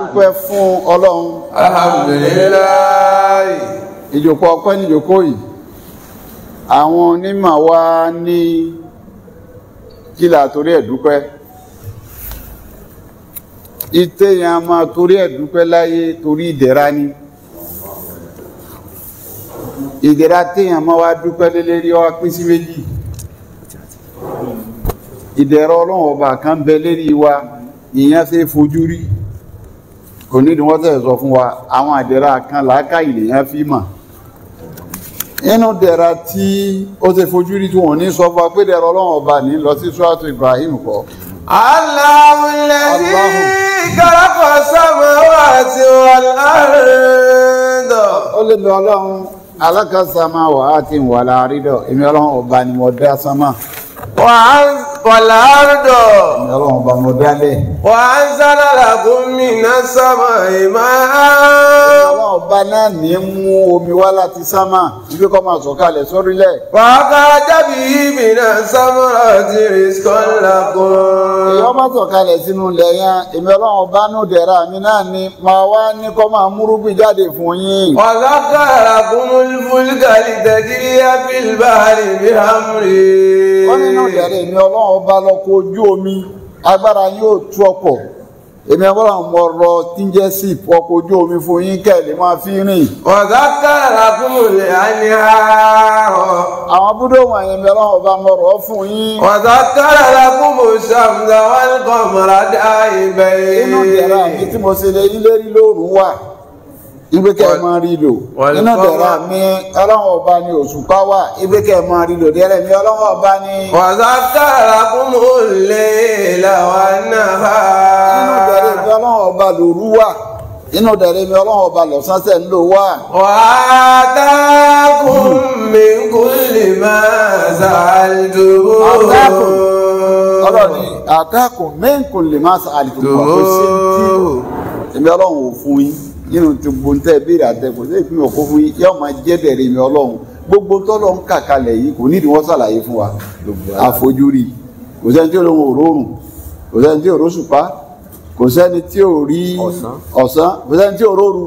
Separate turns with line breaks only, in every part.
dúpẹ́ fún ọlọ́run. alhamdulilayi. ìjòkó ọpẹ́ níjòkó yìí àwọn onímọ̀ wa ní kílà torí ẹ̀ dúpẹ́ ìtẹ́ yẹn a máa torí ẹ̀ dúpẹ́ láyé torí ìdẹ̀ra ni ìdẹ̀ra téèyàn máa wá dúpẹ́ lélẹ́rí ó pín sí méjì ìdẹ̀ra ọlọ́run ọba kan bẹ lérí wa ìyẹn ṣe fojú rí kò ní ìdíwọ́n tẹ̀ sọ fún wa àwọn àdẹ̀rà kan làákà ìlèyàn fi mà nínú dẹ̀ra tí ó ti fojú rí tí wọ́n ní sọ fún wa pé dẹ̀ra ọlọ́run ọba ní lọ sí suwatu Ibrahim kọ́.
Allahu alladhi khalaqa samawati wal ard. ó lè lọ ọlọ́run
alákàsámá wàá ti wà láàrídọ̀ èmi ọlọ́run ọba ni mo dá sámà.
wàá kọlá àrùdọ̀.
ọlọ́run ọba mo dálẹ̀.
wà á sára làkún mi náà sábà ìmá. ọlọ́run ọba náà ní mú omi wá láti sámà
ibi kọ́ máa sọ̀kalẹ̀ sórílẹ̀. wàhálà
jábì mi náà
sámà àti rìskọ́n làkún. ìyọ́ máa sọ̀kalẹ̀ sínú ilẹ̀ yẹn èmi ọlọ́run ọba nù dẹ̀ra mi náà ni máa wá ní kọ́ máa múrúgbìn jáde fún yín. wàhálà kàrà kúmúlùfúlù kàlí tẹ̀kí yá bíl báàrí bí hàmúrí. wọ́n nínú ìyàrá èmi ọba lọkọ̀ ojú omi agbára yóò tú ọkọ̀ èmi abọ́là ń mọ ọ̀rọ̀ tí ń sí ọkọ̀ ojú omi fún yín kẹ́lẹ́ máa fi rìn. ọ̀gá kàrà kúrò lè á
àárọ̀. àwọn búdó wọn yẹn bẹ̀rẹ̀ ọba mọ̀rọ̀ fún yín. ọ̀gá kàrà kúrò sàmùdà wọn kọ̀ mọ̀ràdá ìbẹ̀yẹ. inú ìyàrá
mi tí mo ṣe lé ilé rí lóòrùn wà ibi kẹ́ ẹ máa rí lò mi ọlọ́run ọba ni òṣùpá wà ibi kẹ́ ẹ máa rí mi
ọlọ́run ọba ni. wàzà kára fún mi ò lè làwa náà. nínú tẹ̀ra mi ọlọ́run ọba lòru wà inú dẹ̀rẹ̀ mi ọlọ́run
ọba lọ́sán tẹ̀ ń lò wá.
wàtákùn
mi kò lè máa ṣàlùdòwò. ọlọ́ni àtàkùn mi kò lè máa ṣàlùdòwò. èmi ọlọ́run ò fún yín nínú gbogbo ń tẹ́ béèrè àtẹ̀kù sí ìpínlẹ̀ òkú fún yín yóò máa jẹ́ bẹ̀rẹ̀ mi ọlọ́run gbogbo tọ́lọ́ ń kà kalẹ̀ yìí kò nídìí wọ́n ṣàlàyé fún wa àfojúrí kò sẹ́ni tí olóhùn òróòrùn kò sẹ́ni tí òró ṣùpá kò sẹ́ni tí ò rí ọ̀sán kò sẹ́ni tí òróòrù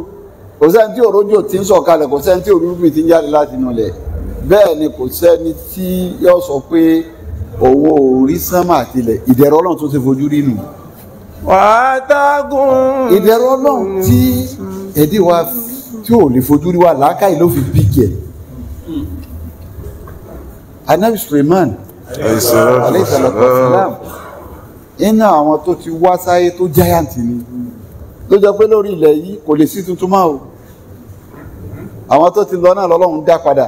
kò sẹ́ni tí òrójò ti ń sọ̀kalẹ̀ kò sẹ́ni tí òrúrúbì ti ń jáde láti inú ilẹ̀ bẹ́ẹ̀ ni kò sẹ́ni tí yóò sọ pé owó orí sánmà àtilẹ̀ ìdẹ̀rọ̀ ọlọ́run tó ti fojú rí nù. wàá tágùn. ìdẹ̀rọ̀ ọlọ́run tí hmm ẹ̀dí wa tí ò lè fojú rí wa làákàyè ló fi bí jẹ anabi suleiman
alayhi salatu wa salam
iná àwọn tó ti wá sáyé tó giant ni ló jọ pé lórí ilẹ̀ yìí kò lè sí tuntun máa o àwọn tó ti lọ náà lọ́lọ́run dá padà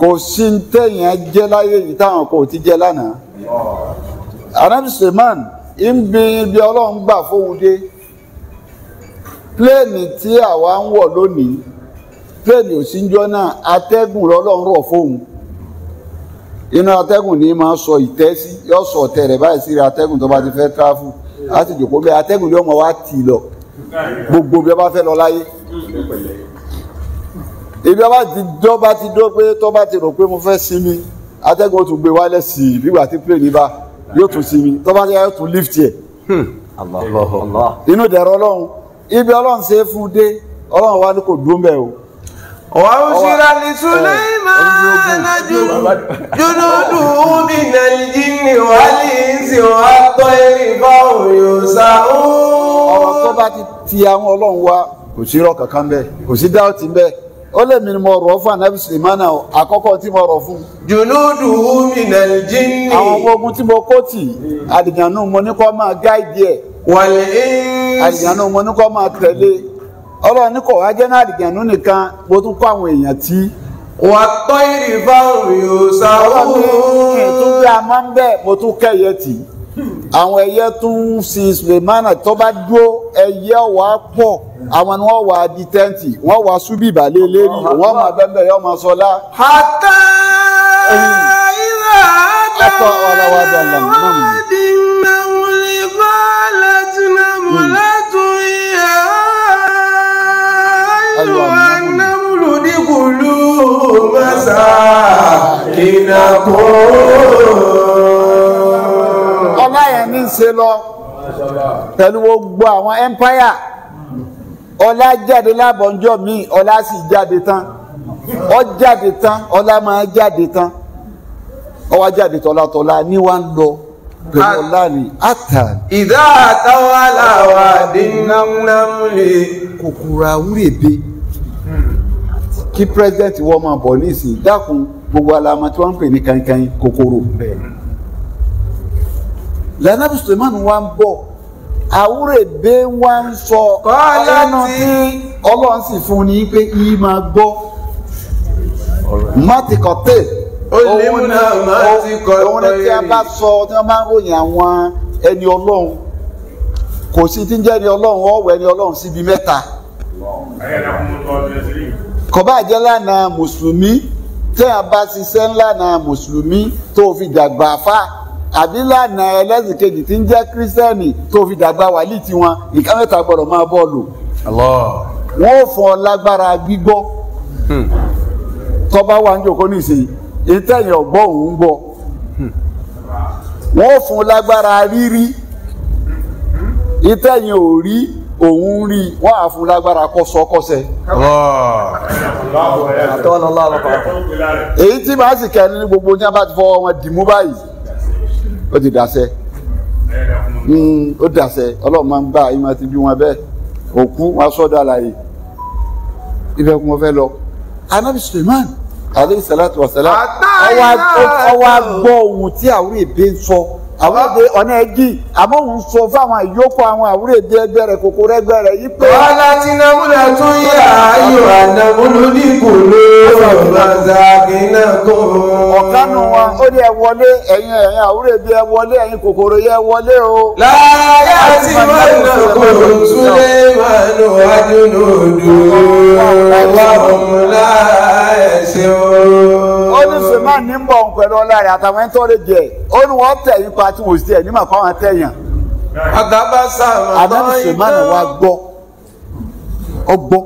kò sí tẹ̀yìn jẹ́ láyé yìí táwọn kò ti jẹ́ lánàá anabi suleiman ń bí ibi ọlọ́run gbà fóun dé pléènì tí àwa ń wọ̀ lónìí pléènì òsínjọ́ náà atẹ́gùn lọ́lọ́run rọ̀ fóun inú atẹ́gùn ní máa sọ ìtẹ́ sí yọ sọ ọ̀tẹ̀ rẹ̀ báyìí sí atẹ́gùn tó bá ti fẹ́ tráfù láti jòkó bẹ́ẹ̀ atẹ́gùn yóò mọ̀ wá tì lọ gbogbo bí wọ́n bá fẹ́ lọ láyé ibi ọba ti dọ́ bá ti dọ́ pé tọ́ bá ti rò pé mo fẹ́ sinmi atẹ́gùn ó tún gbé wálẹ̀ sí i bí ìgbà tí pléènì bá yóò tún sinmi tọ́ bá ti yá yóò tún lift yẹ hmm. inú dẹ̀rọ ọlọ́run ibi ọlọ́run ṣe é fún un dé ọlọ́run wa ni kò dúró mbẹ́ o.
wà á ṣíra ní sùlẹ́mánà jùlọ́dù mi nàìjí ni wà á lè ṣe wà á tọ́ eré bá òyò sá ó.
ọ̀rọ̀ tó bá ti ti àwọn ọlọ́run wa kò sí irọ́ kankan mbẹ́ kò sí dáwọ́tì mbẹ́ ó lè mi ni mo rọ̀ fún anabi sulemana àkọ́kọ́ tí mo rọ̀ fún. jùlọ́dù mi nàìjí ni. àwọn ọmọ ogun tí mo kó tì àdìjànú mo ní kó máa gáìdì ẹ̀ àlìjànú mo ní kọ́ máa tẹ̀lé ọlọ́run ní kọ̀ wá jẹ́ náà àlìjànú nìkan mo tún kọ́ àwọn èèyàn tí. wà á tọ́ ìrìbá òrìò sáwọ́. ọlọ́run kì í tún bí a máa ń bẹ̀ mo tún kẹ́yẹ tì àwọn ẹyẹ tún sin sulemana tó bá dúró ẹyẹ wàá pọ̀ àwọn ni wọ́n wàá di tẹ́ǹtì wọ́n wàá súbì ìbàlẹ̀ lérí wọ́n máa bẹ́ẹ̀ bẹ́ẹ̀ yọ máa sọ lá. hàtà.
أقوى ورواد المولد قالت نملة يا أيها النمل ادخلوا مساكنكم
ọlá yẹn ní í ṣe lọ pẹ̀lú gbogbo àwọn empire ọlá jáde lábọ̀njọ́ míì ọlá sì jáde tán ọ jáde tán ọlá máa jáde tán ọwọ́ jáde tọ́látọ́lá ní wá ń lọ pẹ̀lú ọlá ni àtàn. ìdá àtàwọn aláwọ̀ àdínnámúnámúlé. kòkòrò àwúrèbe kí pírẹsidẹ́ǹtì wọ́n máa bọ̀ ní ìsìn dákun gbogbo alama tí wọ́n ń pè ní kankan kòkòrò. lànàbí Suleiman wa ń bọ̀ àwúrèbe wa ń sọ. kọ́lá tí ọlọ́run sì fún ni pé yìí máa gbọ́. má ti òun ni tí a bá sọ tí wọ́n máa ń ròyìn àwọn ẹni ọlọ́run kò sí tí ń jẹ́ ẹni ọlọ́run ọ̀wọ̀ ẹni ọlọ́run síbi mẹ́ta. kọ̀bá jẹ́ lánàá mùsùlùmí tẹ́ a bá ṣiṣẹ́ lánàá mùsùlùmí tó fi dàgbà fà àbí lánàá ẹlẹ́sìn kejì tí ń jẹ́ kírísítẹ́nì tó fi dàgbà wàlíì tiwọn ìka mẹ́ta gbọ́dọ̀ máa bọ́ọ̀lù. wọ́n fún ọ lágbára gbígbọ́ tọ́ba wa ń jòkó nísìnyí ìtẹ̀yìn ọ̀gbọ́ òun gbọ́ wọ́n fún lágbára rírí ìtẹ̀yìn ò rí òun rí wọ́n á fún lágbára kọ́sọ́ kọ́sẹ́. èyí tí màá sì kẹ́ni ní gbogbo ní a bá ti fọwọ́ wọn dìmú báyìí ó ti dàsẹ́ hmm, ó dàsẹ́ ọlọ́run máa ń bá ìmọ̀ ti bí wọn bẹ́ẹ̀ òkú wọn sọ́dọ̀ àlàyé ibẹ̀ kún wọn fẹ́ lọ. anabi suleiman aleyhi salatu wa salam ọwọ́ agbọ́ ohun tí àwúrò èbè ń sọ àwọn èdè ah. ọ̀nà ẹ̀jì àmọ́ òun sọ fáwọn àyókù àwọn àwúrò èdè ẹgbẹ́ rẹ̀ kòkòrò ẹgbẹ́ rẹ̀ yí pé. wọ́n láti nàmúlà tún yẹ ayò ànàmúlò
ní kòló ọ̀gbàzàkì náà tó. ọ̀kánù wọn
ó ní ẹ wọlé ẹ̀yin ẹ̀yin àwúrò èdè ẹ wọlé ẹ̀yin kòkòrò yẹ wọlé o. láyé àti wọn náà kò
tún lè máa lọ adúlódò.
ọ̀dọ̀ ọ̀la rẹ̀ àtàwọn ẹni tó lè jẹ ó ní wọ́n tẹ̀ yín pa tí wọ́n sì tẹ̀ nímọ̀ kọ́ wọn tẹ̀ yàn. àtàbàṣà àtàwọn ìdán wa gbọ́ ọ gbọ́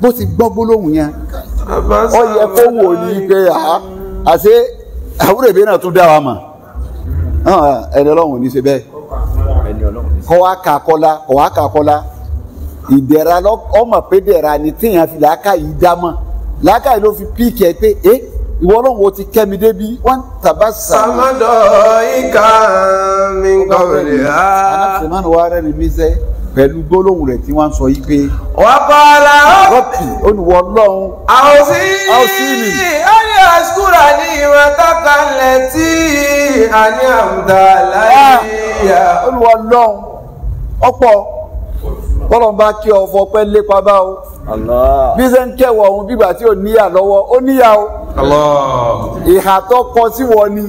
bó ti gbọ́ gbólóhùn yẹn ọ yẹ kó wò ní pé àṣé àwúrò ìbí náà tún dá wa mọ̀ ẹni ọlọ́run ní í ṣe bẹ́ẹ̀ kọ́ wa kà kọ́lá kọ́ wa kà kọ́lá ìdẹ̀ra ọmọ pé dẹ̀ra ni téèyàn fi làákà yìí dá mọ̀ làákà yìí ló fi píìkì ẹ pé eh ìwọ ọlọ́run o ti kẹ́ mi débi wọ́n tàbá sà. sàmọ́dọ̀ ìka mi ń kọ́bìrì ha. anásèmánu wa rẹ́ ni mí sẹ́ pẹ̀lú gbólóhùn rẹ̀ tí wọ́n ń sọ yìí pé. wọ́n kọ́ la ó. rọ́pì olùwọ́ ọlọ́run. àwòsí àwòsí mi.
ayé àṣùkúrà ní ìwọ̀n tọ́kànlẹ̀ tí àní àmúdà láyé. Ah, olùwọ́ ọlọ́run ọ̀pọ̀
kọ́lọ́n bá kí ọ fọpẹ́ lépa bá o bí ṣe ń kẹwọ̀ ọ̀hún bígbà tí ò níyà lọ́wọ́ ó níyà o ìhà tó kọ sí wọ ni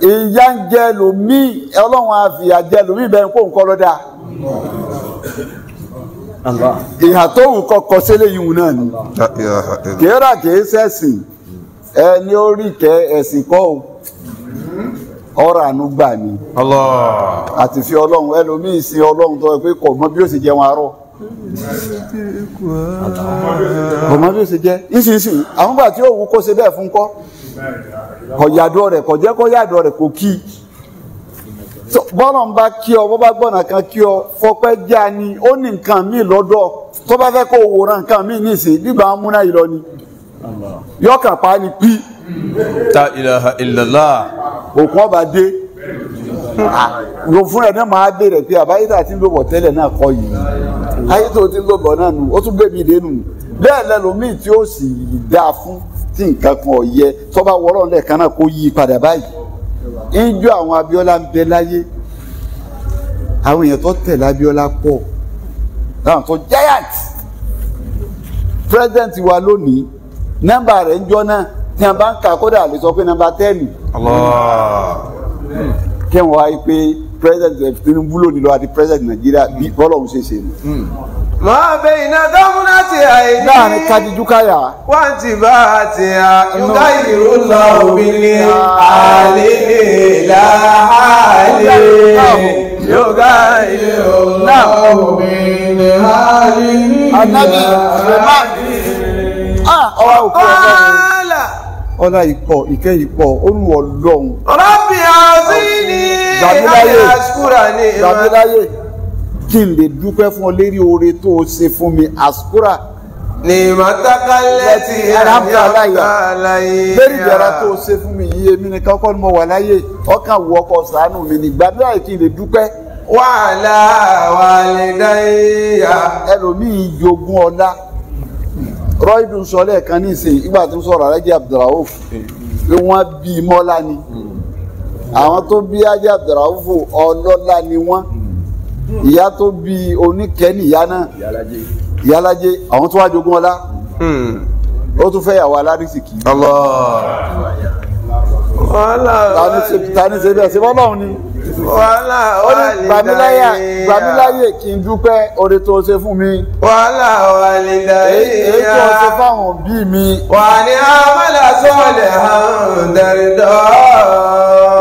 ìyá ń jẹ lòmíì ọlọ́run àfìyà jẹ lòmíì bẹ́ẹ̀ kó nǹkan lọ́dà ìhà tó wù kọkọ sílẹ̀ yìí náà ni kérà kìí sẹ́sìn ẹni orí kẹ ẹ̀sìn kọ́ o. Ọrọ àánú gbà mí. àti fi ọlọ́run ẹlòmíì sin ọlọ́run tó pé kò mọ bí ó sì arọ. kò mọ bí ó sì àwọn gbà tí òwú kó ṣe bẹ́ẹ̀ fún kọ́ kọ̀yàdọ̀ rẹ̀ kọ̀jẹ́ kọ̀yàdọ̀ rẹ̀ kò kí bọ́lọ̀ ń bá kí ọ ni ó ní nǹkan òkun ọba dé ah, fún ẹ náà máa bèrè pé àbáyé tá a ti ń lò bọ̀ tẹ́lẹ̀ náà kọ́ yìí ayé tó ti ń lò bọ̀ náà nù ó tún gbé mi dénú bẹ́ẹ̀ lẹ́lòmíì tí ó sì dáa fún tí nǹkan kan ọ̀yẹ tó bá wọ́rọ̀ lẹ́ẹ̀kan náà kó yí padà báyìí ìjọ àwọn Abíọ́lá ń bẹ láyé àwọn èèyàn tó tẹ̀lé Abíọ́lá pọ̀ láwọn tó giant president wa lónìí nọ́mbà rẹ̀ ń náà tí a bá ń kà kódà lè sọ pé nàmbà tẹ́ẹ̀nì. kí wọ́n wáyé pé president Tinubu lónìí lọ́wọ́ àti president Nàìjíríà bí hmm. bọ́lọ̀ ń ṣe ṣe ni.
máa bẹ iná dámúná ti àìní. láàrin kájíjú káyà. wá ti bá a ti à yúgá ìró lọ òbí ni àlè là àlè yúgá ìró lọ òbí ni àlè là àlè. ànábì ọ̀rọ̀ òkú ọ̀gá mi
ọlá ìpọ̀ ìkẹ́ ìpọ̀ olùwọ̀ ọlọ́run.
rọ́bì àzíní àbí àṣkúrà ní ìmọ̀. gbàmíláyè
kí n lè dúpẹ́ fún ọ lérí oore tó o ṣe fún mi àṣkúrà. ní ìmọ̀tàkàlẹ̀ ti àyàkàlàyé. lérí ìdára tó o ṣe fún mi yìí èmi nìkan kọ́ ni mo wà láyé ọkàn wọ ọkọ̀ sàánù mi ní gbàmíláyè kí n lè dúpẹ́ wàhálà wàlẹ̀ dáìyà. ẹlòmíì jogún ọlá rọ́ìdùn sọ lẹ́ẹ̀kan ní ìsìn ìgbà tó ń sọ̀rọ̀ alájẹ abdulrauf pé wọ́n bí i mọ́lá ni àwọn tó bí alájẹ abdulrauf ọlọ́lá ni wọ́n ìyá tó bí i oníkẹ́ni ìyá náà ìyálájẹ àwọn tó wá jogún ọlá hmm. ó tún fẹ́ yàwó alárísìkì. Allah. Allah. ta ni ṣe bí ọ̀sẹ̀ bọ́lá ni wàhálà wàlídàáyé gbàmíláyà gbàmíláyè kí n dúpẹ́ oore tó ṣe fún mi. wàhálà wàlídàáyé yá èyí tó ṣe fáwọn òbí mi. wà ní amọ́lá sọ́ọ̀lẹ̀
hàn dẹ̀rẹ̀dọ́.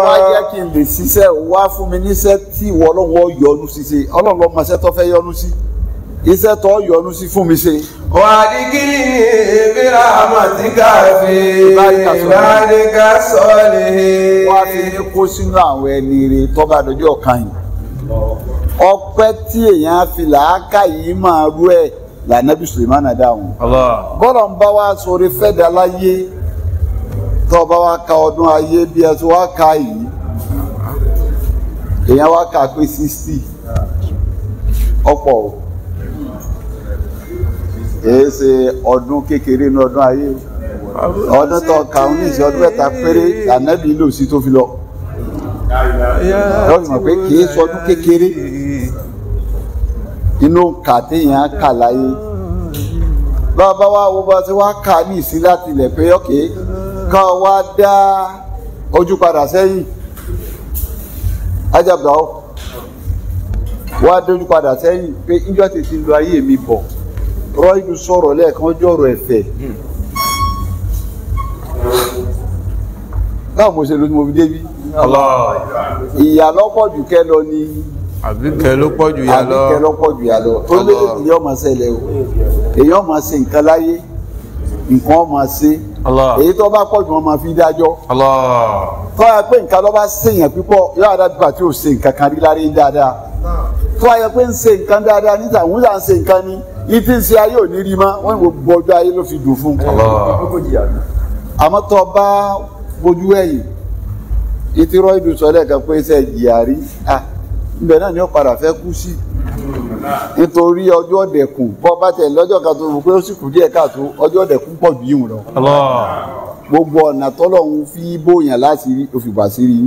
wá jẹ́ kí n lè ṣiṣẹ́ wá fún mi níṣẹ́ tí ìwọ ọlọ́wọ́ yọ́nú sí ṣe ọlọ́run tó fẹ́ yọ́nú sí iṣẹ́ tó yọ́nú sí fún mi ṣe. wàdíkìlì ni ìbíra àmọ̀tíkà fi ìbáríkà sọ́ọ̀lì. wọ́n á fi ní kó sínú àwọn ẹni rè tọ́ba dojú ọ̀kan yìí. ọpẹ́ tí èèyàn fi làákà yìí máa rú ẹ̀ lànàbí Sulemana dáhùn. bọ́lọ̀ ń bá wa sọ̀rọ̀ fẹ́dà láyé tó bá wa ka ọdún ayé bí ẹ tó wá ka yìí èèyàn wá kà pé sixty ọ̀pọ̀ o. ese ọdún kékeré ní ọdún ayé ọdún tó ka ọ ní ìṣe ọdún mẹ́ta péré ànábì lò sí tó fi lọ
lọ́ọ̀rì mọ̀ pé kìí ṣe ọdún kékeré
inú kà téèyàn kà láyé bàbá wa wo bá ti wá kà ní ìsín láti ilẹ̀ pé ọ̀kẹ́ ká wá dá ojú padà sẹ́yìn ajabdao wá dójú padà sẹ́yìn pé tètè lu ayé mi bọ̀. rọ́ìdù sọ̀rọ̀ lẹ́ẹ̀kan ọjọ́ ọ̀rọ̀ ẹ̀fẹ̀ báwo mo ṣe lójú mo fi débi ìyà lọ́pọ̀ jù kẹ́ lọ ni
àbíkẹ́ ló pọ̀ jù yà lọ àbíkẹ́ ló pọ̀ jù yà lọ tó lé
èyàn máa ṣẹlẹ̀ o èyàn máa ṣe nǹkan láyé nǹkan máa ṣe èyí tó bá pọ̀ jù wọn máa fi dájọ́ tó yà pé nǹkan ló bá ṣèyàn púpọ̀ yóò àdá bípa tí ò ṣe nǹkan kan rí lárí dáadáa tó yà pé ń ṣe nǹkan dáadáa níta òun là ń ṣe nǹkan ni. Allah yìí tí ń ṣe ayé òní rí ma wọ́n ní gbogbo ọjọ́ ayé ló fi dùn fún un. àmọ́ tó bá bojú ẹ̀yìn ìtí rọ́ìdù sọ lẹ́ẹ̀kan pé iṣẹ́ ìjìyàrí ibẹ̀ náà ni ó padà fẹ́ kú sí nítorí ọjọ́ ọ̀dẹ̀kùn bọ́ bá tẹ̀ lọ́jọ́ kan tó rò pé ó sì kù díẹ̀ káàtó ọjọ́ ọ̀dẹ̀kùn pọ̀ jù yìí lọ. gbogbo ọ̀nà tọ́lọ́hún fi bóyàn láti rí òfìgbà sí rí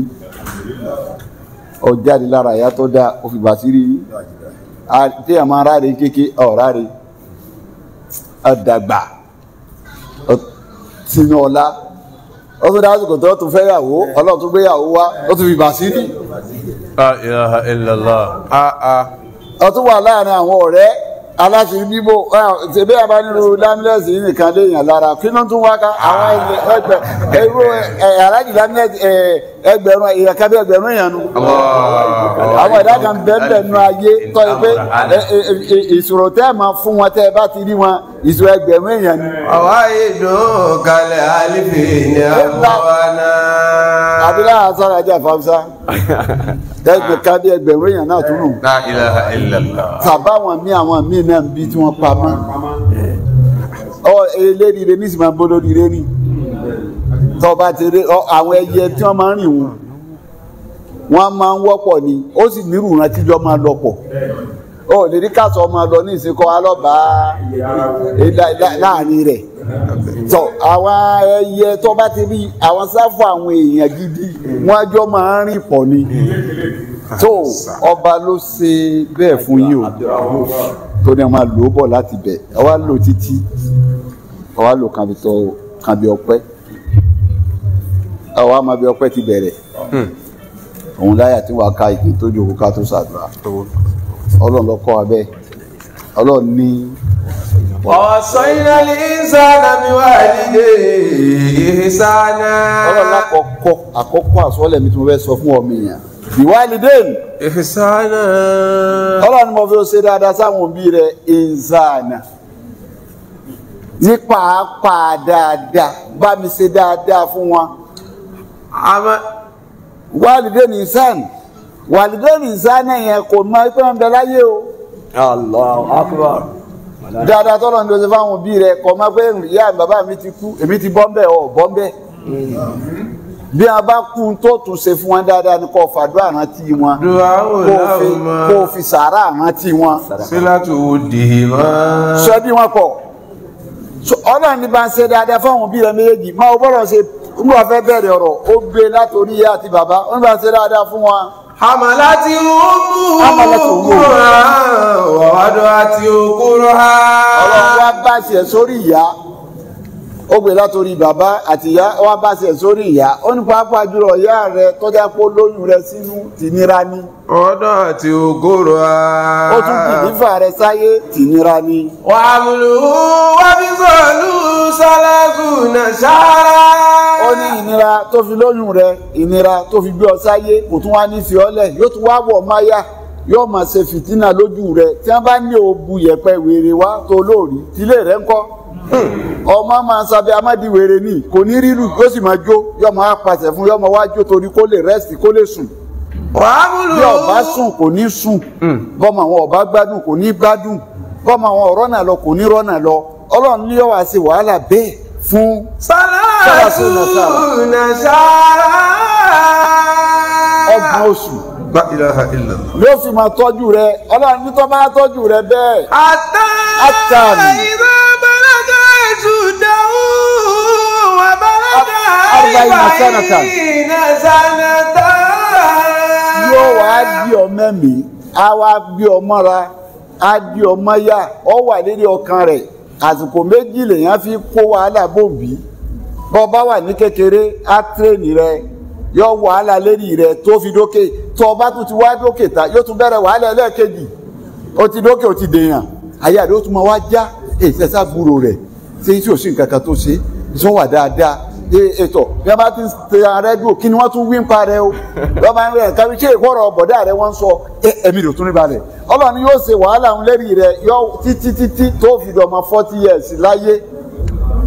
ọjáde lára ìyá tó dáa òfìgbà sí tí a máa ráre kéke ọ̀ráre ọ̀dàgbà sínú ọlá ó tún dásìkò tó tún fẹ́ yàwó ọlọ́run tún gbé yàwó wá ó tún fi bà sí ní. a a wà láàrin àwọn ọ̀rẹ́. aláṣẹ bíbò ṣèbí àbá nínú lámílẹ́sì nìkan léèyàn lára kí tún wá ká àwọn ẹgbẹ ah. ẹgbẹ aláàjì lámílẹ́sì ẹgbẹ̀rún èèyàn kábí ẹgbẹ̀rún èèyàn nu àwọn ẹ̀dá kan bẹ́ẹ̀ ayé tọ́ ẹ pé ìṣòro tẹ́ ẹ̀ máa fún wọn tẹ́ ẹ bá ti rí wọn ìṣòro ẹgbẹ̀rún èèyàn ni. àwa yìí dùn kalẹ̀ àlìfẹ́ ní àwọn náà àbílá àtàrà ajá fàmsá ẹgbẹ̀kadì ẹgbẹ̀rún èèyàn náà tún nù.
La ilaha illallah.
tàbá àwọn míì àwọn míì náà ń bí tí wọ́n pa mọ́. ọ eléríire ní ìsìnkú abọ́ lórí rẹ ni tọba ti rí àwọn ẹyẹ tí wọ́n máa ń rìn wọn wọ́n máa ń wọ́pọ̀ ni ó sì nírú ìrántí jọ máa lọ pọ̀ ọ lè rí máa lọ ní ìsìnkú alọ́bàá láàrin rẹ̀ tọ àwa ẹyẹ tó bá ti rí àwọn sáfù àwọn èèyàn gidi wọn àjọ máa ń rìn pọ̀ ni tó ọba ló ṣe bẹ́ẹ̀ fún yín o tó ní ọmọ lò ó bọ̀ láti bẹ̀ ọwá lò títí ọwá lò kàn tó kàn bí ọpẹ́ ọwá máa bí ọpẹ́ ti bẹ̀rẹ̀ hmm. òun láyà tí wàá ka ìpín tó jókòó ká tó ṣàdúrà ọlọ́run lọ́kọ́ abẹ́ ọlọ́run ní.
وصينا الإنسان بوالديه
إحسانا ọlọ́run àkọ́kọ́ àkọ́kọ́ àsọ́lẹ̀ mi tí mo fẹ́ sọ fún ọmọ èèyàn ìwálidéèn ìfìsánà ọlọ́run mo fi ṣe dáadáa sáwọn òbí rẹ̀ ìǹsánà ní pàápàá dáadáa bá mi ṣe dáadáa fún wọn wálidéèn ìǹsánà wálidéèn ìǹsánà yẹn kò mọ pé wọn bẹ láyé o.
Allah akbar
dáadáa tọ́lọ̀ ní o ṣe fáwọn òbí rẹ kọ́ máa pé ìyá bàbá mi ti kú èmi ti bọ́ mbẹ́ ọ̀ bọ́ mbẹ́ bí a bá kú tó tún ṣe fún wọn dáadáa ni kò fàdúrà rántí wọn kò fi sàárà rántí wọn.
sílá tó wò dè é mọ́.
sọ bí wọn kọ ọ̀nà ní bá ń ṣe dáadáa fáwọn òbí rẹ méjèèjì máa bọ́rọ̀ ṣe ń bọ̀ fẹ́ bẹ̀rẹ̀ ọ̀rọ̀ ó gbé látòrí ìyá àti bàbá ó ní bá ń ṣe dáadáa fún wọn hamalati umu kura
wàwádọ́ àti okúrọ́
ha. ọlọ́run wá bá
ṣe sórí ìyá
ó gbé látòrí bàbá àti ìyá wá bá ṣe sórí ìyá ó ní pàápàá jùlọ ìyá rẹ tọ́já pé lóyún rẹ sínú tì nira ni. ọ̀dọ́ àti ògòrò a.
ó tún kìlífà rẹ sáyé tì nira ni. wàá lù ú wá bí sọ̀lù sálásùnà sáárá. ó ní ìnira tó fi lóyún rẹ
ìnira tó fi gbé ọ sáyé kò tún wá ní fi ọ lẹ̀ yóò tún wá wọ̀ máyà yóò máa ṣe fìtínà lójú rẹ tí wọ́n bá ní òbu yẹ̀pẹ̀ wèrè wá tó lóòrí tílé rẹ ń kọ́ hmm. ọmọ máa ń sábẹ amádìwèrè ni kò ní rírù yóò sì máa jó yóò máa pàṣẹ fún yóò máa wá torí kó lè rẹ́sì kó lè sùn. bí ọba sùn kò ní sùn hmm. bọ́mọ àwọn ọba gbádùn kò ní gbádùn bọ́mọ àwọn ọ̀rọ̀ náà lọ kò ní rọ́nà lọ ọlọ́run ní yọ̀wá sí wàhálà bẹ́ẹ̀ fún. sàlàsù
nàṣàrà.
ọgbọ̀n oṣù.
la ilaha illallah.
yóò fi máa tọ́jú rẹ ọlọ́run ní tó máa tọ́jú rẹ bẹ́ẹ̀. àtà àtàní. ìbá balaga ìtúdáwó wà balaga ìbá
ìnàṣànàtà.
yóò wá di ọmọ mi a wá bí ọmọ ra a di ọmọ ya ọ wà lédè ọkàn rẹ̀ àsìkò méjì lèèyàn fi kó wàhálà bòbí bọ́ bá wà ní kékeré á tírèènì rẹ yọ wàhálà lérí rẹ tó fi dókè tó o bá tún ti wá dókè ta yóò tún bẹ̀rẹ̀ wàhálà ẹlẹ́ẹ̀kejì ó ti dókè ó ti dèèyàn àyà rẹ ó tún máa wá já èyí tẹ́sà gbúrò rẹ̀ ṣé tí ò sí nǹkan kan tó ṣe ìṣọ́wà dáadáa ètò bí wọ́n bá ti ṣe àrẹ́dùn kí ni wọ́n tún wí o wọ́n bá ń rẹ̀ kárí ṣé ìkọ́rọ̀ rẹ̀ wọ́n sọ ẹ̀mí rò tún ní balẹ̀ ọlọ́run yóò ṣe wàhálà ń lérí rẹ̀ yọ títí títí tó fi years láyé.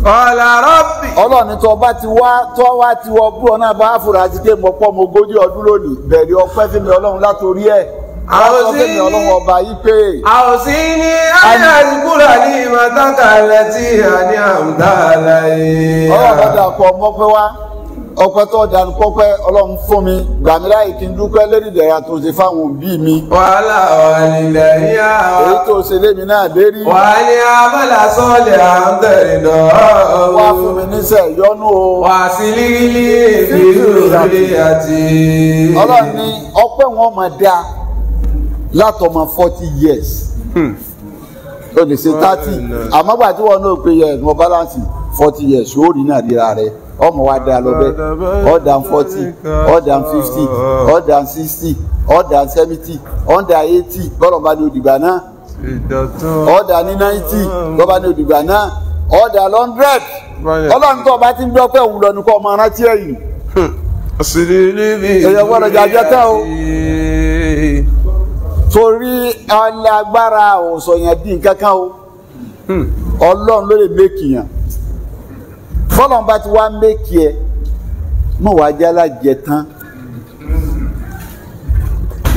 ọ̀là rọ́bì. ọlọ́run tó bá ti wá tó wá ti wọ bú ọ náà bá ti dé mọ́pọ́ ọdún lónìí bẹ̀rẹ̀ ọpẹ́ fún mi ọlọ́run àwòsí ni ọlọ́wọ́
ọba yìí pé. àwòsí ni ayé àdúgbò ní ìmọ̀tàkà lẹ́tí àní àmdá àlàyé. ọlọ́wọ́ ọba dà pọ̀ mọ́pẹ́ wá ọpẹ́ tó dànù pọpẹ́
Ọlọ́run fún mi gbàmílá yìí kí n dúpẹ́ lórí ìdẹ̀ra tó ṣe fáwọn òbí mi. wàhálà
ọ̀lìlẹ̀ yá. èyí
tó ṣe lémi náà lérí. wàhálà abala sọ́ọ̀lì àǹtẹ̀rìndọ̀. wá fún mi níṣẹ́ ìyọ́nú o. wà á sí lílí èdè ìlú ìlú àti. Ọlọ́run ní ọpẹ́ wọn máa dáa látọmọ forty years hmm. o lè ṣe thirty àmọ́ gbà tí wọ́n náà pé yẹ ẹ̀gbọ́n balance forty years ó rí náà ríra rẹ ọmọ wa da lọ bẹ ọdàn forty ọdàn fifty ọdàn sixty ọdàn seventy ọdàn eighty bọ́lọ̀ bá ní òdìgbà náà ọdàn ní ninety bọ́lọ̀ bá ní òdìgbà náà ọdàn hundred ọlọ́run tó o bá ti ń dọ́pẹ́ òun lọ́nu kọ́ ọmọ aráńtí ẹ̀yìn. Hmm. èèyàn gbọ́dọ̀ jàjẹ́ tán o torí ọlẹ́ agbára òsòyàn dín kankan o hmm. ọlọ́run ló lè mékì yàn fọlọ́n bá ti wá mékì ẹ mọ̀ wá jálá jẹ tán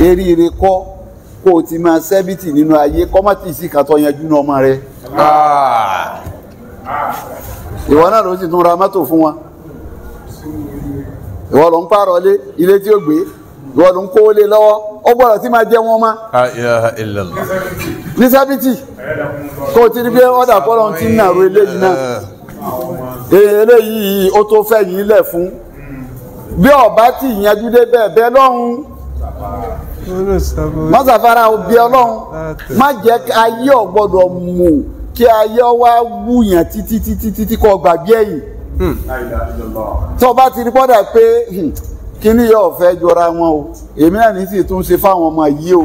eríire kọ́ kó o ti máa sẹ́bìtì nínú ayé kọ́mọ́tì sí kàtọ́ yanjú ní ọmọ rẹ
ah.
ìwọ náà ló sì tún ra mọ́tò fún wọn ìwọ ló ń pààrọ̀ lé ilé tí ó gbé ìwọ ló ń kówó lé lọ́wọ́ ó gbọ́dọ̀ tí máa jẹ wọn má. ní sábìtì kò tí ní pé ọ̀dà kọ́lọ́ ti ń nàró eléyìí náà eléyìí ó tó fẹ́ yìí lẹ̀ fún bí ọba tí ìyanjú dé bẹ́ẹ̀ bẹ́ẹ̀ lọ́hùn mọ́sàfàrà òbí ọlọ́run má jẹ́ ayé ọ̀gbọ́dọ̀ mú kí ayé wa wúyàn títí títí títí kọ gbàgbé ẹ̀yìn hmm. tó bá ti rí bọ́dà pé hmm, kíní yóò fẹ́ jọra wọn o èmi náà ní sì tún ṣe fáwọn ọmọ yìí o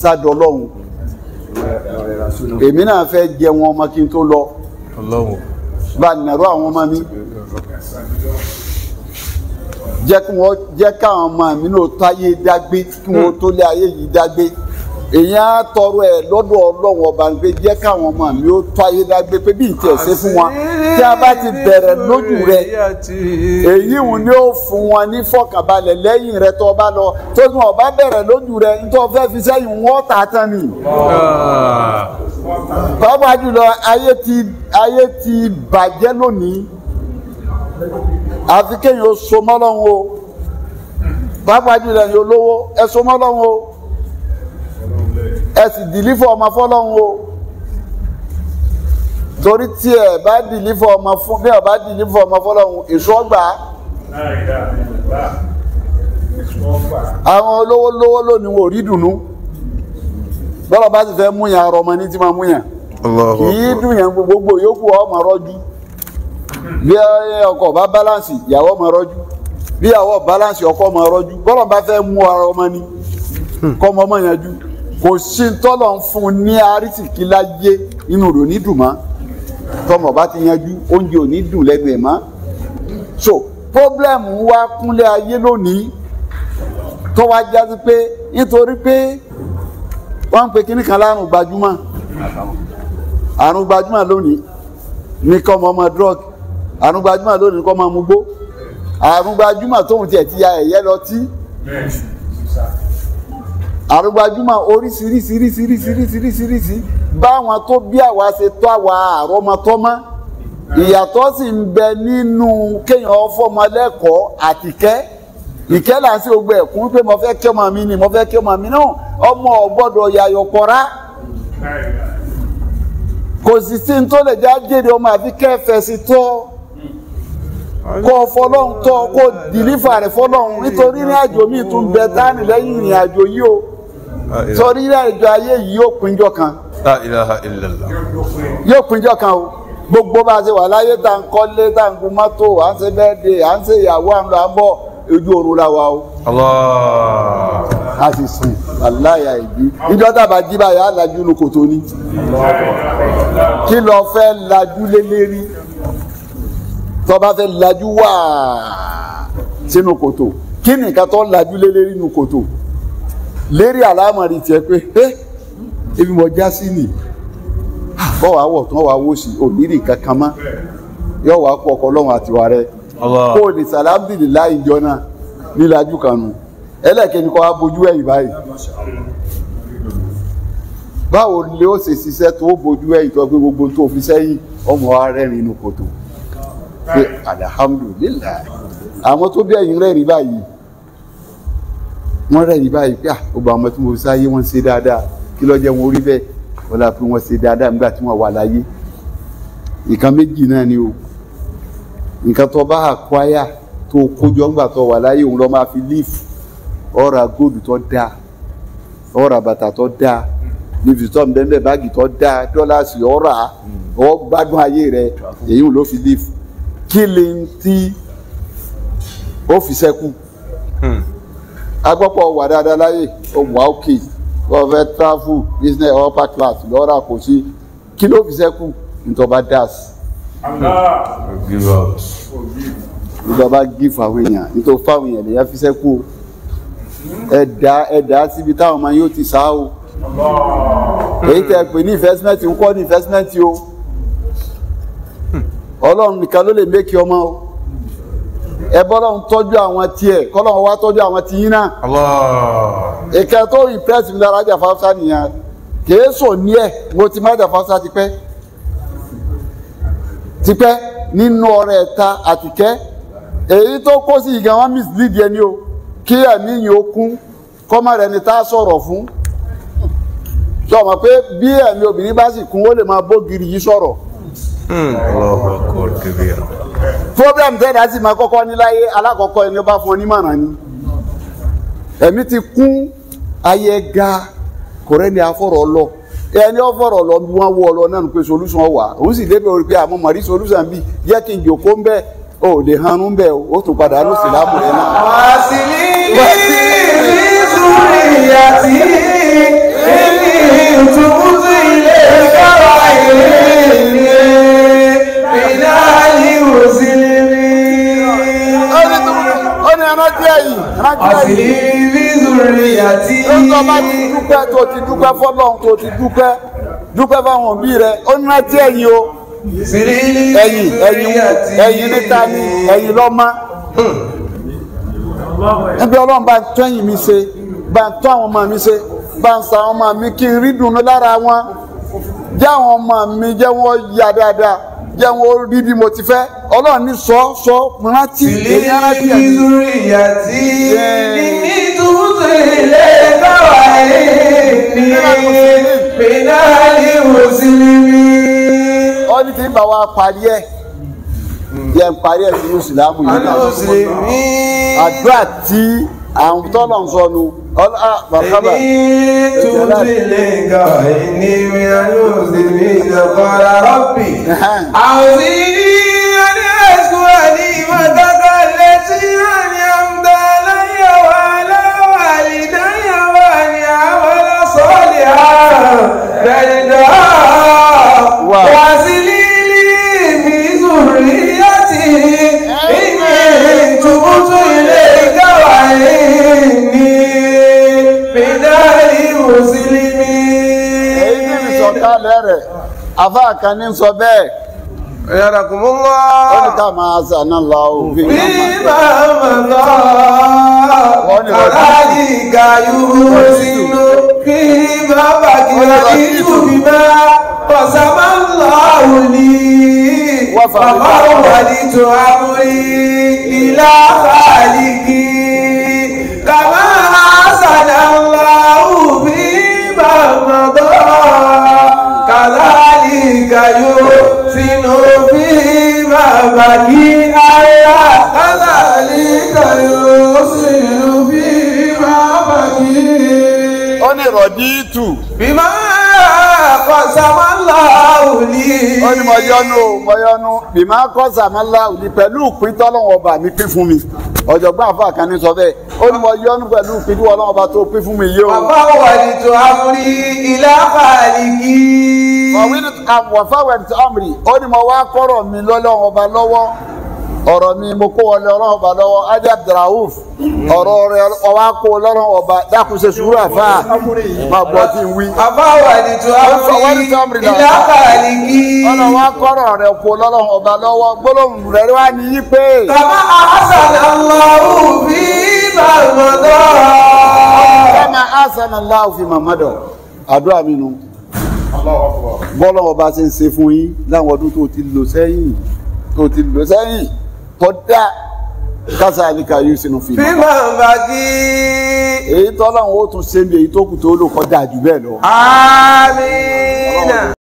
sádọ ọlọ́run èmi náà fẹ́ jẹ wọn ọmọ kí n tó lọ bá nàró àwọn ọmọ mi jẹ́ káwọn ọmọ mi náà táyé dágbé kí wọ́n hmm. tó lé ayé yìí dágbé èèyàn á tọrọ ẹ lọ́dọ̀ ọlọ́wọ́ bàǹgbé jẹ́ káwọn ọmọ mi ó tó ayédágbé pé bí ìtì ẹ̀sẹ̀ fún wọn tí a bá ti bẹ̀rẹ̀ lójú rẹ
èyí ń ní ó
fún wọn ní fọkànbalẹ̀ lẹ́yìn rẹ tó bá lọ tó ní wọn bá bẹ̀rẹ̀ lójú rẹ nítorí wọn fẹ́ fi sẹ́yìn wọn tà tán ni. bàbá jùlọ ayé ti ayé ti bàjẹ́ lónìí àfi kéèyàn ó so mọ́ lọ́hún jùlọ ẹ̀yìn olówó ẹ̀ so mọ́ ẹ sì dìlífọ̀ ọmọ fọlọ́run o torí tí ẹ bá dìlífọ̀ ọmọ fún bí ẹ bá dìlífọ̀ ọmọ fọlọ́run èso ọgbà àwọn olówó lówó lónìí wò rí dùnú bọ́lá bá sì fẹ́ múyàn arọ ọmọ ní tí máa múyàn kì í dùnyàn gbogbo yòókù ọmọ rọ́jú bí ọkọ bá báláǹsì ìyàwó ọmọ rọ́jú bí ìyàwó báláǹsì ọkọ ọmọ rọ́jú bọ́lá bá fẹ́ mú ara ọmọ ní hmm. kọ́ ọmọ ọmọ yẹn jú kò sí tọ́lọ̀ ń fún un ní arísìkí láyé inú rò ní dùn mọ́ tọmọ bá ti yanjú oúnjẹ ò ní dùn lẹ́nu ẹ̀ mọ́ so problem wa kúnlẹ̀ ayé lónìí tó wá jáde pé nítorí pé wọ́n ń pe kíní kan lárùn gbajúmọ̀ àrùn gbajúmọ̀ lónìí ní kọ́ ọmọ ọmọ drug àrùn gbajúmọ̀ lónìí ní kọ́ ọmọ ọmọ gbó àrùn gbajúmọ̀ tóun tiẹ̀ ti ya ẹ̀yẹ lọ tí. àrùgbájúmọ̀ oríṣiríṣiríṣiríṣiríṣiríṣi báwọn tó bí àwa ṣe tó àwa àrọ́mọtọ́mọ ìyàtọ̀ sì ń bẹ nínú kéèyàn fọmọlẹ́kọ̀ọ́ àtìkẹ́ ìkẹ́ là ń sí gbogbo ẹ̀kún pé mo fẹ́ kí ọmọ mi ni mo fẹ́ kí ọmọ mi náà ọmọ ọgbọ́dọ̀ yàyọ̀ pọ̀ra kò sì sí ní tó lè o. sọrí ìrìnàjò ayé yìí yóò pinjọ kan yóò pinjọ kan o gbogbo bá a ṣe wà láyé tá à ń kọ́lé tá à ń gun mọ́tò à ń ṣe bẹ́ẹ̀dẹ̀ à ń ṣe ìyàwó à ń lọ à ń bọ̀ ojú oorun la wa o. a sì sùn aláya ìbí ìjọ tàbá jí báyà á lajú nu kòtò ni kí lọ fẹ́ lajú lélẹ́rí tọ́ba fẹ́ lajú wà sínú kòtò kí nìkan tó lajú lélẹ́rí nu kòtò lérí àlámọ̀rí tiẹ̀ pé ẹ́ ebi mo já sí nì ah, bọ́ wàá wọ̀ tán wàá wò sí òdìrí kankan mọ́ yóò wàá kú ọkọ ọlọ́run àtiwá rẹ kó o lè sàlámdìlì láì jọ náà nílájú kanu ẹlẹ́kẹ̀ẹ́ni kọ́ wá bojú ẹ̀yìn báyìí báwo lè ó ṣe ṣiṣẹ́ tó bojú ẹ̀yìn tó gbé gbogbo tó fi sẹ́yìn ọmọ wa rẹ́rìn inú kòtò pé alhamdulilayi àwọn tó bí ẹ̀yìn rẹ́rìn báyìí wọ́n rẹ̀yìn báyìí pé ah, ọba ọmọ tí mo fi sáyé wọ́n ṣe dáadáa kí ló jẹ́ wọn orí bẹ́ẹ̀ wọ́n la pé wọ́n ṣe dáadáa nígbà tí wọ́n wà láyé nǹkan méjì náà ni o nǹkan tó bá àkwáyà tó kójọ ńgbà tó wà láyé òun lọ máa fi leaf ọ̀rà góòdù tó dáa ọ̀rà bàtà tó dáa níbi tó ń bẹ́ẹ̀ báàgì tó dáa dọ́làsì ọ̀rà ọ̀ gbádùn ayé rẹ èyí ló fi leaf kí lè ń ó fi sẹ́kù. Hmm agbọ́pọ̀ wà dáadáa láyè ohun wa òkè wọ́n fẹ́ travel business upper class lọ́ra kò sí kí ló fi sẹ́kù ìjọba das. ìjọba gífù àwọn èèyàn nítorí fáwọn èèyàn lèyàn fi sẹ́kù o ẹ̀dá ẹ̀dá síbi táwọn ọmọ yóò ti sá o èyí tẹ́ pè ní investment ń kọ́ ní investment o ọlọ́run nìkan ló lè mékì ọmọ o ẹ bọ́lọ̀ ń tọ́jú àwọn tiẹ̀ kọ́lọ̀ wá tọ́jú àwọn tiyín náà. ìkẹ́ tó impress mi lára Raja Fawzat nìyẹn kìí sò ní ẹ̀ mo ti Raja Fawzat tipẹ́ tipẹ́ nínú ọrẹ ẹ̀ta àtìkẹ́ èyí tó kó sí ìgbà wọn mislead ẹni o kí ẹ̀míyìn ó kún kọ́mọ rẹ̀ ni tá a sọ̀rọ̀ fún sọ ma pé bí ẹ̀mí obìnrin bá sì kún ó lè máa bó giri yìí sọ̀rọ̀ problem tẹ́lẹ̀ á ma máa ni ní láyé alákọ̀ọ́kọ́ ẹni bá fún ni emi ti kún ayé ga kò rẹ́ni afọ̀rọ̀ lọ ẹni ọ̀fọ̀rọ̀ lọ bí ọlọ wọ́ ọ solution wà òun sì débi orí pé àmọ́ solution bi jẹ́ kí n o ò lè hanrun o tún
rájú ẹ̀yìn rájú ẹ̀yìn. ọ̀sìn rírìnrìn àti. ó ń tọ́ bá ti dúpẹ́ tó ti
dúpẹ́ fọ́lọ́run tó ti dúpẹ́ dúpẹ́ fáwọn òbí rẹ ó ń rájú ẹ̀yìn o. ẹ̀yìn ẹ̀yìn ẹ̀yìn níta ni ẹ̀yìn lọ́mọ. níbi ọlọ́run bá ń tọ́yìn mi ṣe bá ń tọ́ àwọn ọmọ mi ṣe bá ń sa àwọn ọmọ mi kí n rí dùnú lára wọn jẹ́ àwọn ọmọ mi jẹ́ wọ́n yá dáadáa jẹ́ wọn rí bí mo ti fẹ́ ọlọ́run ní sọ sọ rántí èyí rántí àti. ìlúrí
àti ìtúntò ilé báwa ní pínlẹ̀ mùsùlùmí. ó ní kí n bá wa
parí ẹ̀ yẹn parí ẹ̀ sínú ìsìlámù yìí àdúrà tí àwọn tọ́lọ̀ ń sọnu ọlá bàbá. èyí tuntun
lè ga ẹni mi àlọ́ òsèlú ìjọkọ̀ọ́ra rọ́bì. àwọn ìyẹn ẹ̀sùn àní ìmọ̀tọ́tọ́ létí àmì àmdá láyé wa láwà ìdáyà wa ni àwọn sọ́ọ̀lì àrùn rẹ̀ dá wá sílẹ̀.
àfáà kan ní sọ bẹ́ẹ̀. Yàràkùnmọ́lá. Ó ní ká máa sànà lọ òfin. Bí màmá lọ,
aláàjì ìgbà yóò sínú. Bí bàbá kìlá ìlú mi máa pọ̀sá lọ òní. Bàbá òwà ní tòhámúrí ìlà bá. bàbí àyà kálàlí kàyọ̀ sínú bí máa bàbí. ó ní ìrọ̀dí tù. bí máa kọ́sàmọ́láwùlì. ó ní mo yọnu mo
yọnu bìmá kọ́sàmọ́láwùlì pẹ̀lú ìpín tọ́lọ́wọ́n ọba mi pín fún mi ọ̀jọ̀gbọ́n àfa kàní sọ bẹ́ẹ̀ ó ní mo yọnu pẹ̀lú ìpín ọba tó pín fún mi yìí o. bàbá wà ní tó amúrí ilá
fàlìkì
wàfáwẹ̀ tí ọmọdé ó ní mo wá kọ́rọ̀ mi lọ́lọ́run ọba lọ́wọ́ ọ̀rọ̀ mi mo kó wọlé ọlọ́run ọba lọ́wọ́ ajá abdulrahuf ọ̀rọ̀ rẹ ọwá kó ọlọ́run ọba dákun ṣe sùúrù àfà má gbọ́ tí ń wí.
àbá wà ní tó kàlí kí. ọ̀nà
wa kọ́rọ̀ rẹ kó ọlọ́run ọba lọ́wọ́ gbólóhùn rẹ wá níyí pé. kàmá
àhásàn aláwọ̀ bí
màmọ́dọ̀. kàmá àhásàn aláwọ̀ fi màmọ́dọ̀ àdúrà mi nù bọ́lọ́wọ́ bá ṣe ń ṣe fún yín láwọn ọdún tó ti lò sẹ́yìn tó ti lò sẹ́yìn tó dá kásá àníkà yóò sínú fi. fi máa bá kí. èyí tọ́lọ́run ó tún ṣe ń bí èyí tó kù tó lò kọ́ dáa jù bẹ́ẹ̀
lọ. àmín.